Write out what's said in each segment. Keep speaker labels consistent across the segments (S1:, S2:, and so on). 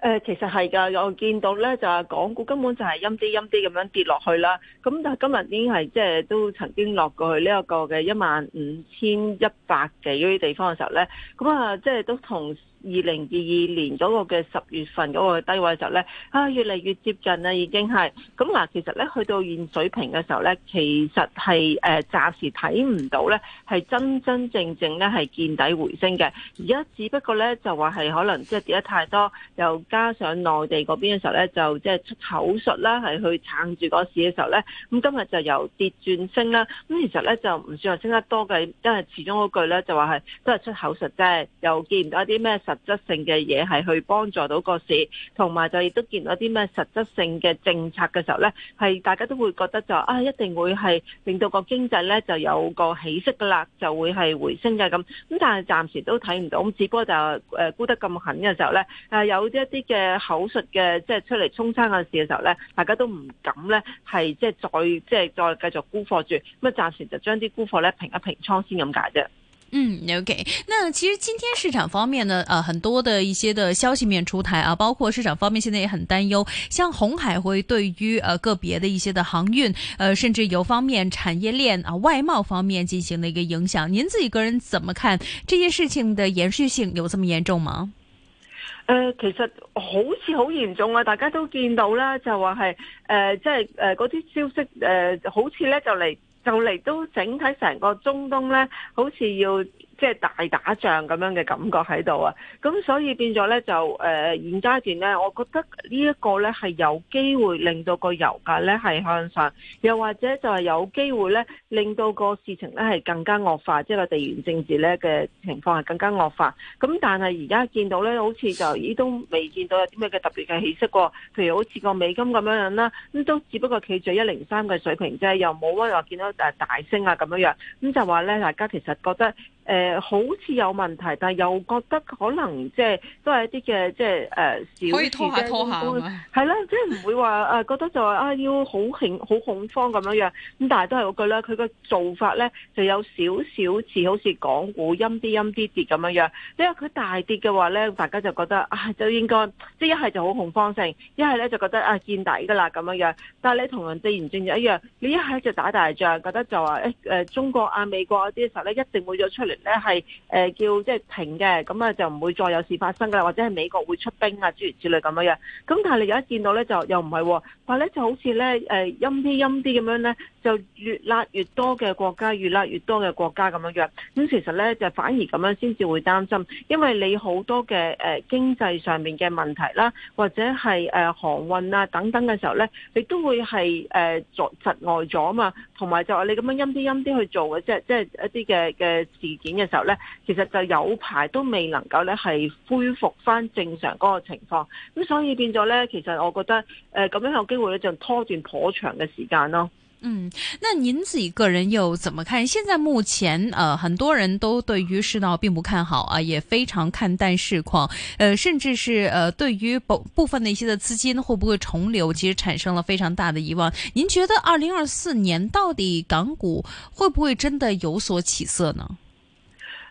S1: 誒、呃，其實係噶，我見到咧就係、是、港股根本就係陰啲陰啲咁樣跌落去啦。咁但係今日已經係即係都曾經落過去呢一個嘅一萬五千一百幾嗰啲地方嘅時候咧，咁啊，即係都同，二零二二年嗰個嘅十月份嗰個低位嘅時候咧，啊越嚟越接近啦，已經係咁嗱。其實咧去到現水平嘅時候咧，其實係誒暫時睇唔到咧，係真真正正咧係見底回升嘅。而家只不過咧就話係可能即係跌得太多，又加上內地嗰邊嘅時候咧，就即係出口術啦，係去撐住個市嘅時候咧。咁今日就由跌轉升啦。咁其實咧就唔算話升得多嘅，因為始終嗰句咧就話係都係出口術啫，又見唔到一啲咩實質性嘅嘢係去幫助到個市，同埋就亦都見到啲咩實質性嘅政策嘅時候呢，係大家都會覺得就啊，一定會係令到個經濟呢就有個起色噶啦，就會係回升嘅咁。咁但係暫時都睇唔到，咁只不過就誒沽得咁狠嘅時候呢，有有一啲嘅口述嘅，即、就、係、是、出嚟衝餐嗰陣時嘅時候呢，大家都唔敢呢係即係再即係、就是、再繼續沽貨住，咁啊暫時就將啲沽貨呢平一平倉先咁解啫。嗯，OK。
S2: 那其實今天市場方面呢，呃，很多的一些的消息面出台啊，包括市場方面現在也很擔憂，像紅海會對於呃個別的一些的航運，呃，甚至油方面產業鏈啊、呃、外貿方面進行了一個影響。您自己個人怎麼看這些事情的延續性有這麼嚴重嗎？呃，
S1: 其實好似好嚴重啊，大家都見到啦，就話係，呃，即係，呃，嗰啲消息，呃，好似呢就嚟。就嚟都整體成個中東呢好似要。即係大打仗咁樣嘅感覺喺度啊，咁所以變咗呢，就、呃、誒現階段呢，我覺得呢一個呢係有機會令到個油價呢係向上，又或者就係有機會呢令到個事情呢係更加惡化，即係個地緣政治呢嘅情況係更加惡化。咁但係而家見到呢，好似就咦都未見到有啲咩嘅特別嘅起色喎。譬如好似個美金咁樣樣啦，咁都只不過企住一零三嘅水平啫，就是，又冇話見到大升啊咁樣樣。咁就話呢，大家其實覺得。誒好似有問題，但係又覺得可能即係都係一啲嘅即係誒少。可以拖下拖下係啦，即係唔會話誒覺得就話啊要好恐好恐慌咁樣樣。咁但係都係嗰句啦，佢個做法咧就有少少似好似港股陰啲陰啲跌咁樣樣。因為佢大跌嘅話咧，大家就覺得啊，就應該即係一係就好恐慌性，一係咧就覺得啊見底㗎啦咁樣樣。但係你同人哋然正言一樣，你一係就打大仗，覺得就話誒誒中國啊美國嗰啲時候咧一定會咗出嚟。咧係誒叫即係停嘅，咁啊就唔會再有事發生噶啦，或者係美國會出兵啊諸如此類咁樣樣。咁但係你而家見到咧就又唔係、哦，話咧就好似咧誒陰啲陰啲咁樣咧，就越辣越多嘅國家，越辣越多嘅國家咁樣樣。咁其實咧就反而咁樣先至會擔心，因為你好多嘅誒經濟上面嘅問題啦，或者係誒航運啊等等嘅時候咧，你都會係誒作窒礙咗啊嘛。同埋就係你咁樣陰啲陰啲去做嘅，即係即係一啲嘅嘅事件。嘅時候呢，其實就有排都未能夠呢係恢復翻正常嗰個情況，咁所以變咗呢，其實我覺得誒咁樣有機會呢，就拖住頗長嘅時間咯。嗯，
S2: 那您自己個人又怎麼看？現在目前、呃、很多人都對於市道並不看好啊，也非常看淡市況、呃，甚至是誒對於部部分的一些的資金會不會重流，其實產生了非常大的疑問。您覺得二零二四年到底港股會不會真的有所起色呢？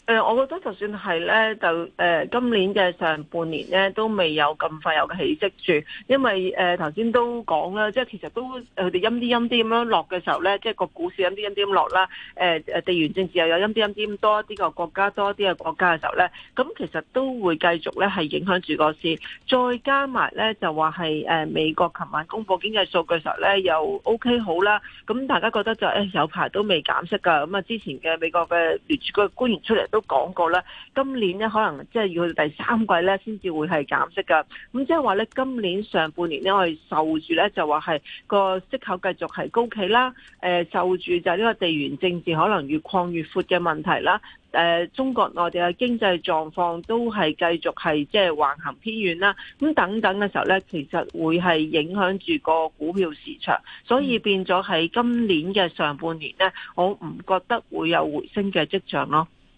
S1: 誒，我覺得就算係咧，就誒今年嘅上半年咧，都未有咁快有嘅起色住，因為誒頭先都講啦，即係其實都佢哋陰啲陰啲咁樣落嘅時候咧，即係個股市陰啲陰啲咁落啦。誒地緣政治又有陰啲陰啲咁多一啲個國家多一啲嘅國家嘅時候咧，咁其實都會繼續咧係影響住個市。再加埋咧就話係誒美國琴晚公佈經濟數據嘅時候咧，又 O K 好啦。咁大家覺得就誒有排都未減息㗎。咁啊，之前嘅美國嘅聯儲局官員出嚟。都講過咧，今年咧可能即係要去到第三季咧，先至會係減息噶。咁即係話咧，今年上半年呢我哋受住咧，就話係個息口繼續係高企啦。誒、呃，受住就係呢個地緣政治可能越擴越闊嘅問題啦。誒、呃，中國內地嘅經濟狀況都係繼續係即係橫行偏遠啦。咁等等嘅時候咧，其實會係影響住個股票市場，所以變咗喺今年嘅上半年咧，我唔覺得會有回升嘅跡象咯。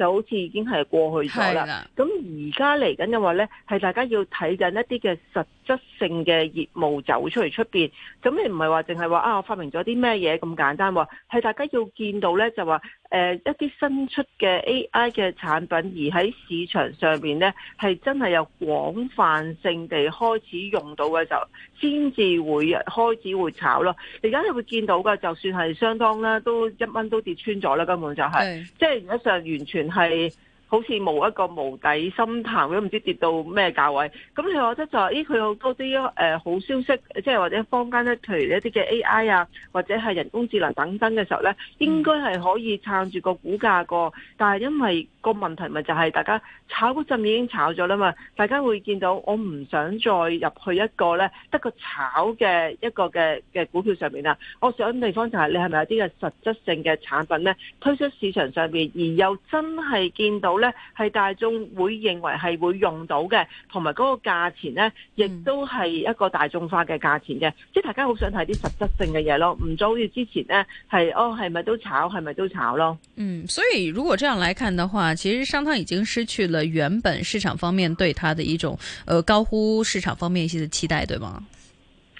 S1: 就好似已經係過去咗啦，咁而家嚟緊嘅話咧，係大家要睇緊一啲嘅實。急性嘅業務走出嚟出邊，咁你唔係話淨係話啊我發明咗啲咩嘢咁簡單，係大家要見到呢，就話、呃、一啲新出嘅 AI 嘅產品而喺市場上面呢，係真係有廣泛性地開始用到嘅就先至會開始會炒咯。而家你會見到嘅，就算係相當啦，都一蚊都跌穿咗啦，根本就係、是、的即係而家上完全係。好似冇一個無底深潭，都唔知跌到咩價位。咁我覺得就係，咦、哎，佢好多啲誒、呃、好消息，即係或者坊間咧，譬如一啲嘅 AI 啊，或者係人工智能等等嘅時候咧，應該係可以撐住個股價㗎。但係因為個問題咪就係，大家炒嗰陣已經炒咗啦嘛，大家會見到我唔想再入去一個咧，得個炒嘅一個嘅嘅股票上面啦。我想嘅地方就係、是，你係咪有啲嘅實質性嘅產品咧推出市場上面，而又真係見到？咧係大眾會認為係會用到嘅，同埋嗰個價錢呢亦都係一個大眾化嘅價錢嘅，嗯、即係大家好想睇啲實質性嘅嘢咯，唔再好似之前呢係哦係咪都炒，係咪都炒咯？嗯，所以如果
S2: 這樣來看的話，其實商湯已經失去了原本市場方面對它的一種，呃高呼市場方面一些的期待，對嗎？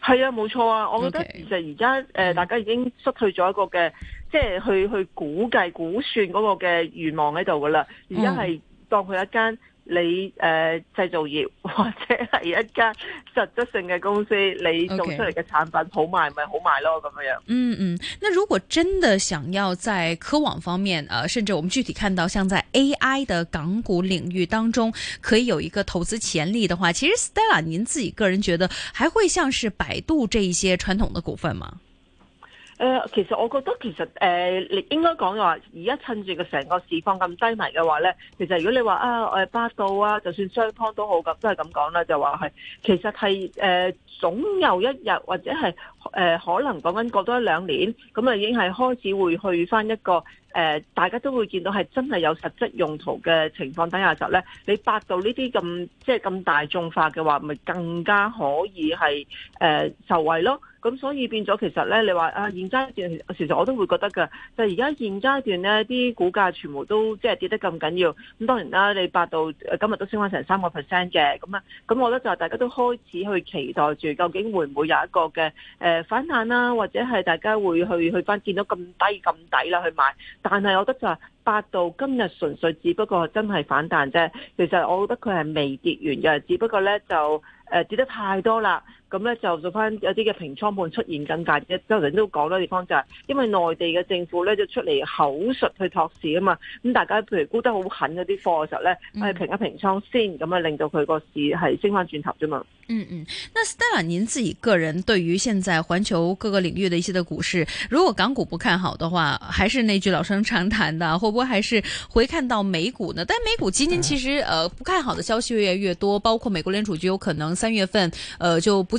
S1: 係啊，冇錯啊我覺得其實而家誒，大家已經失去咗一個嘅，即係去去估計估算嗰個嘅願望喺度㗎喇，而家係當佢一間。你誒、呃、製造業或者係一家實質性嘅公司，你做出嚟嘅產品好賣，咪 Okay. 好賣
S2: 咯咁樣。嗯嗯，那如果真的想要在科網方面，呃、啊，甚至我們具體看到，像在 AI 的港股領域當中，可以有一個投資潛力的話，其實 Stella，您自己個人覺得，還會像是百度這一些傳統的股份嗎？
S1: 誒、呃，其實我覺得其實誒、呃，你應該講嘅話，而家趁住個成個市況咁低迷嘅話咧，其實如果你話啊，誒百度啊，就算雙方都好咁，都係咁講啦，就話係其實係誒、呃，總有一日或者係誒、呃，可能講緊過多一兩年，咁啊已經係開始會去返一個。誒、呃，大家都會見到係真係有實質用途嘅情況底下就時咧，你百度呢啲咁即係咁大眾化嘅話，咪更加可以係誒、呃、受惠咯。咁所以變咗其實咧，你話啊現階段，其實我都會覺得噶。就而家現階段咧，啲股價全部都即係、就是、跌得咁緊要。咁當然啦，你百度、呃、今日都升翻成三個 percent 嘅咁啊。咁我覺得就係大家都開始去期待住，究竟會唔會有一個嘅誒、呃、反彈啦、啊，或者係大家會去去翻見到咁低咁底啦去買。但係，我覺得就係百度今日純粹只不過真係反彈啫。其實我覺得佢係未跌完嘅，只不過呢就誒跌得太多啦。咁咧就做翻有啲嘅平倉盤出現更加啫。啱頭都講多地方就係，因為內地嘅政府咧就出嚟口述去托市啊嘛。咁大家譬如沽得好狠嗰啲貨嘅時候咧，誒平、嗯、一平倉先，咁啊令到佢個市係升翻轉頭啫嘛、嗯。嗯
S2: 嗯，那斯丹您自己個人對於現在環球各個領域的一些嘅股市，如果港股不看好的話，還是那句老生常談的，或會不會還是回看到美股呢？但美股基金其實，嗯、呃，不看好的消息越嚟越多，包括美國聯儲局有可能三月份，呃，就不。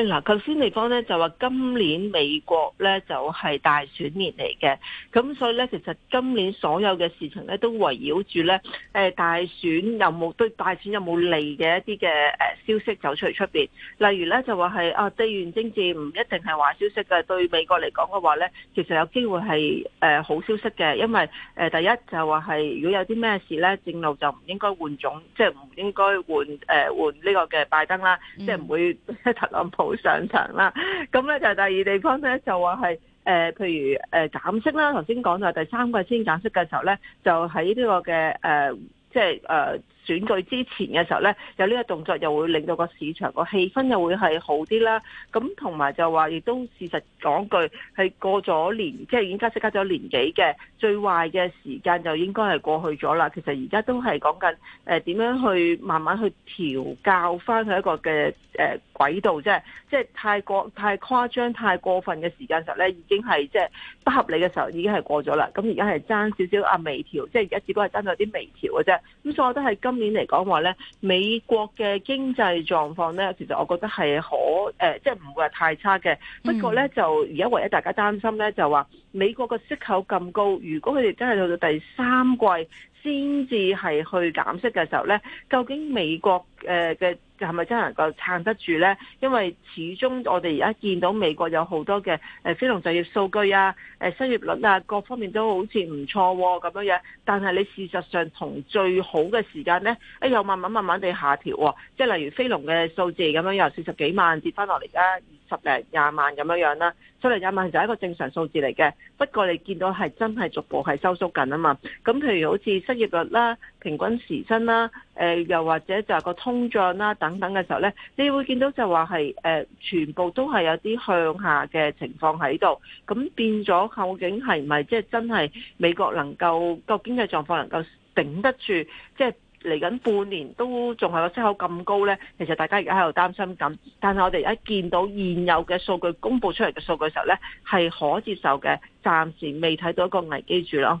S1: 嗱，頭先你講咧就話今年美國咧就係大選年嚟嘅，咁所以咧其實今年所有嘅事情咧都圍繞住咧，大選有冇對大選有冇利嘅一啲嘅消息走出嚟出面。例如咧就話係啊，地緣政治唔一定係壞消息嘅，對美國嚟講嘅話咧，其實有機會係誒好消息嘅，因為第一就話係如果有啲咩事咧，正路就唔應該換種，即係唔應該換誒換呢個嘅拜登啦，即係唔會特朗普。好上場啦！咁咧就係第二地方咧就話係誒，譬如誒、呃、減息啦。頭先講到第三季先減息嘅時候咧，就喺呢個嘅誒、呃，即係誒、呃、選舉之前嘅時候咧，有呢個動作又會令到個市場個氣氛又會係好啲啦。咁同埋就話，亦都事實講句，係過咗年，即係已經加息加咗年幾嘅最壞嘅時間就應該係過去咗啦。其實而家都係講緊誒點樣去慢慢去調教翻佢一個嘅誒。呃軌道即係即係太過太誇張太過分嘅時間時候咧，已經係即係不合理嘅時候，已經係過咗啦。咁而家係爭少少啊微調，即係而家只不過係爭咗啲微調嘅啫。咁所以，我都係今年嚟講話咧，美國嘅經濟狀況咧，其實我覺得係可誒，即係唔會話太差嘅。不過咧，就而家唯一大家擔心咧，就話美國嘅息口咁高，如果佢哋真係到到第三季先至係去減息嘅時候咧，究竟美國誒嘅？係咪真係能夠撐得住呢？因為始終我哋而家見到美國有好多嘅誒非農就業數據啊、誒失業率啊，各方面都好似唔錯咁樣樣。但係你事實上同最好嘅時間呢，誒、哎、又慢慢慢慢地下調、哦，即係例如非農嘅數字咁樣，由四十幾萬跌翻落嚟而十零廿萬咁樣樣啦，十零廿萬就係一個正常數字嚟嘅。不過你見到係真係逐步係收縮緊啊嘛。咁譬如好似失業率啦、平均時薪啦、誒、呃、又或者就係個通脹啦等等嘅時候咧，你會見到就話係誒全部都係有啲向下嘅情況喺度。咁變咗，究竟係唔係即係真係美國能夠、個經濟狀況能夠頂得住，即係？嚟緊半年都仲係個息口咁高呢，其實大家而家喺度擔心緊，但係我哋而家見到現有嘅數據公佈出嚟嘅數據時候呢，係可接受嘅，暫時未睇到一個危機住咯。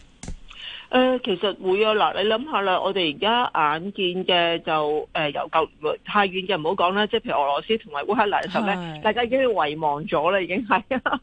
S1: 誒、呃、其實會啊，嗱你諗下啦，我哋而家眼見嘅就誒、呃、由舊、呃、太遠嘅唔好講啦，即係譬如俄羅斯同埋烏克蘭嘅時候咧，的大家已經遺忘咗啦，已經係。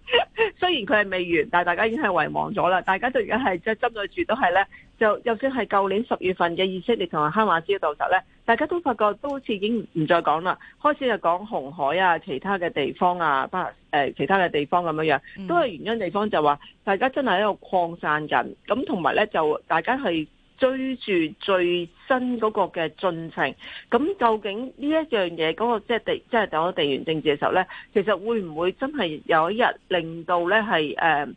S1: 雖然佢係未完，但係大家已經係遺忘咗啦。大家都而家係即係針對住都係咧，就就算係舊年十月份嘅以色列同埋哈馬斯嘅時候咧。大家都發覺都好似已經唔再講啦，開始就講紅海啊，其他嘅地方啊，包、呃、括其他嘅地方咁樣樣，都係原因地方就話大家真係喺度擴散緊，咁同埋咧就大家係追住最新嗰個嘅進程，咁、嗯、究竟呢一樣嘢嗰個即係地即係講地緣政治嘅時候咧，其實會唔會真係有一日令到咧係誒嗰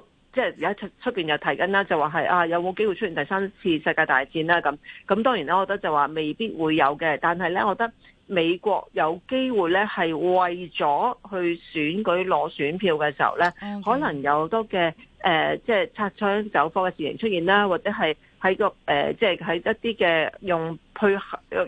S1: 個？即係而家出出面又提緊啦，就話係啊有冇機會出現第三次世界大戰啦咁？咁當然啦，我覺得就話未必會有嘅，但係咧，我覺得美國有機會咧係為咗去選舉攞選票嘅時候咧，Okay. 可能有好多嘅誒，即係擦槍走火嘅事情出現啦，或者係喺個誒，即係喺一啲嘅用推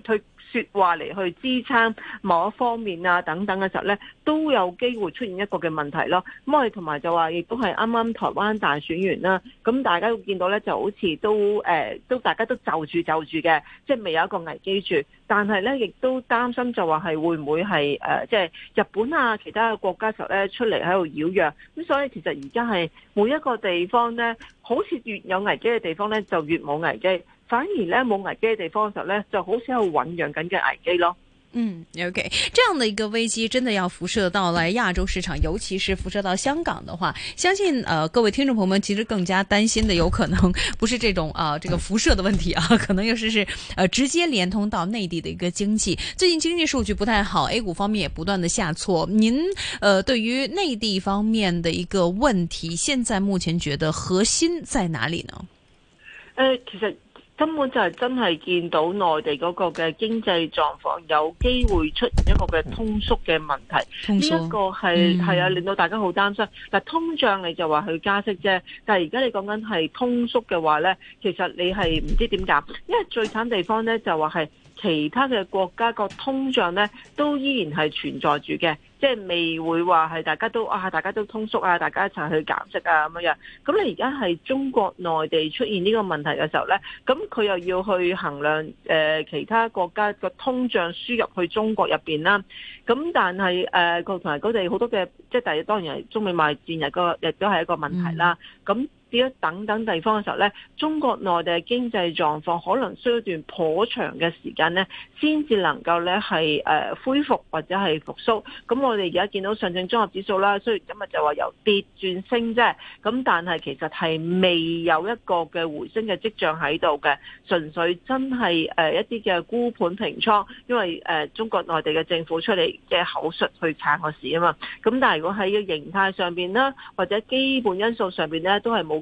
S1: 推。說話嚟去支撐某一方面啊等等嘅時候咧，都有機會出現一個嘅問題咯。咁我哋同埋就話，亦都係啱啱台灣大選完啦。咁大家會見到咧，就好似都誒、呃，都大家都就住就住嘅，即係未有一個危機住。但係咧，亦都擔心就話係會唔會係誒，即、呃、係、就是、日本啊其他嘅國家時候咧出嚟喺度擾攘。咁所以其實而家係每一個地方咧，好似越有危機嘅地方咧，就越冇危機。反而呢，冇危機嘅地方嘅時候呢，就好少去醞釀緊嘅危機咯。嗯，OK，這樣的一個
S2: 危機，真的要輻射到嚟亞洲市場，尤其是輻射到香港的話，相信呃各位聽眾朋友們其實更加擔心的，有可能不是這種啊、呃，這個輻射的問題啊，可能又是是呃直接連通到內地的一個經濟。最近經濟數據不太好，A 股方面也不斷的下挫。您呃對於內地方面的一個問題，現在目前覺得核心在哪裏呢？呃，
S1: 其實。根本就係真係見到內地嗰個嘅經濟狀況有機會出現一個嘅通縮嘅問題，呢一個係係啊、嗯、令到大家好擔心。但通脹你就話佢加息啫，但係而家你講緊係通縮嘅話呢，其實你係唔知點解，因為最慘地方呢就話係。其他嘅國家個通脹咧都依然係存在住嘅，即係未會話係大家都啊，大家都通縮啊，大家一齊去減息啊咁樣。咁你而家係中國內地出現呢個問題嘅時候咧，咁佢又要去衡量誒、呃、其他國家個通脹輸入去中國入邊啦。咁但係誒，同埋嗰啲好多嘅，即係第二當然係中美貿易戰入、那個亦都係一個問題啦。咁、嗯等等地方嘅時候咧，中國內地嘅經濟狀況可能需要一段頗長嘅時間咧，先至能夠咧係，誒恢復或者係復蘇。咁我哋而家見到上證綜合指數啦，雖然今日就話由跌轉升啫。咁但係其實係未有一個嘅回升嘅跡象喺度嘅，純粹真係誒一啲嘅沽盤平倉，因為誒、呃、中國內地嘅政府出嚟嘅口述去撐個市啊嘛。咁但係如果喺個形態上邊啦，或者基本因素上邊咧，都係冇。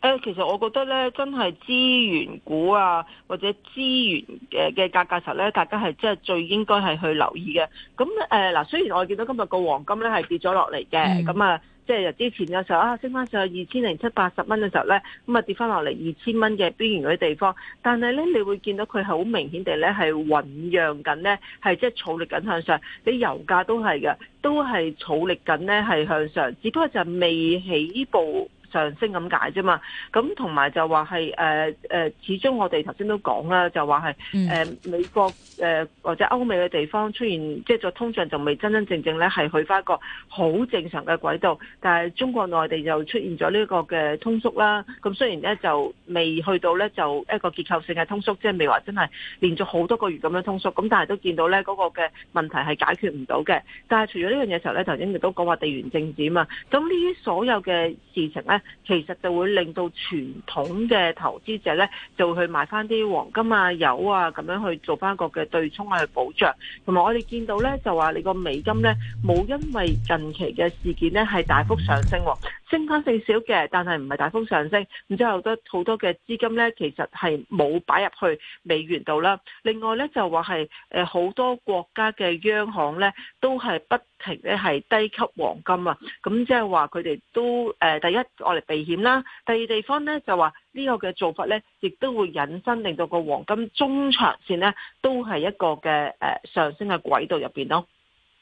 S1: 欸、其實我覺得咧，真係資源股啊，或者資源嘅嘅價格時候咧，大家係即係最應該係去留意嘅。咁誒嗱，雖然我見到今日個黃金咧係跌咗落嚟嘅，咁啊、嗯，即係之前嘅時候啊，升翻上去二千零七八十蚊嘅時候咧，咁啊跌翻落嚟二千蚊嘅邊緣嗰啲地方，但係咧你會見到佢係好明顯地咧係醞釀緊咧，係即係儲力緊向上。你油價都係嘅，都係儲力緊咧係向上，只不過就未起步。上升咁解啫嘛，咁同埋就話係誒誒，始終我哋頭先都講啦，就話係、呃、美國誒、呃、或者歐美嘅地方出現，即係就通脹仲未真真正正咧係去翻一個好正常嘅軌道，但係中國內地就出現咗呢個嘅通縮啦。咁雖然咧就未去到咧就一個結構性嘅通縮，即係未話真係連續好多個月咁樣通縮，咁但係都見到咧嗰個嘅問題係解決唔到嘅。但係除咗呢樣嘢時候咧，頭先亦都講話地緣政治啊嘛。咁呢啲所有嘅事情咧。其實就會令到傳統嘅投資者咧，就去買翻啲黃金啊、油啊，咁樣去做翻一個嘅對沖啊，去保障。同埋我哋見到咧，就話你個美金咧，冇因為近期嘅事件咧，係大幅上升。升翻少少嘅，但係唔係大幅上升。然之後好多好多嘅資金咧，其實係冇擺入去美元度啦。另外咧就話係好多國家嘅央行咧，都係不停咧係低吸黃金啊。咁即係話佢哋都誒，第一攞嚟避險啦，第二地方咧就話呢個嘅做法咧，亦都會引申令到個黃金中長線咧，都係一個嘅上升嘅軌道入邊咯。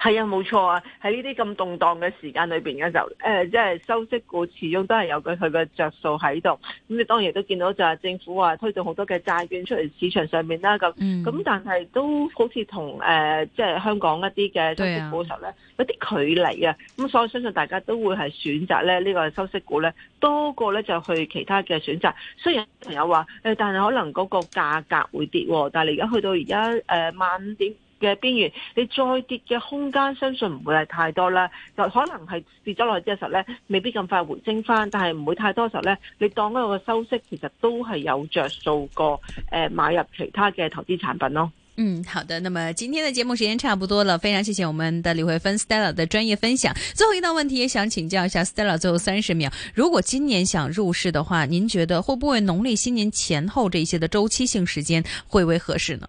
S1: 係啊，冇錯啊！喺呢啲咁動蕩嘅時間裏面，嘅、呃、就誒，即係收息股，始終都係有佢佢嘅着數喺度。咁你當然都見到就係政府話、啊、推動好多嘅債券出嚟市場上面啦、啊。咁咁、嗯，但係都好似同誒即係香港一啲嘅收息股嘅時候咧，啊、有啲距離啊。咁所以我相信大家都會係選擇咧呢、呢個收息股咧多過咧就去其他嘅選擇。雖然朋友話但係可能嗰個價格會跌喎、啊。但係你而家去到而家誒萬五點。呃嘅邊緣，你再跌嘅空間相信唔會係太多啦，就可能係跌咗落去之後呢，未必咁快回升翻，但係唔會太多時候呢，你當嗰個收息其實都係有着數過誒買入其他嘅投資產品咯。嗯，好的，那麼今天的節目時間差不多了，非常謝謝我們
S2: 的李慧芬 Stella 的專業分享。最後一道問題也想請教一下 Stella，最後三十秒，如果今年想入市的話，您覺得會不會農曆新年前後這些的周期性時間會為合適呢？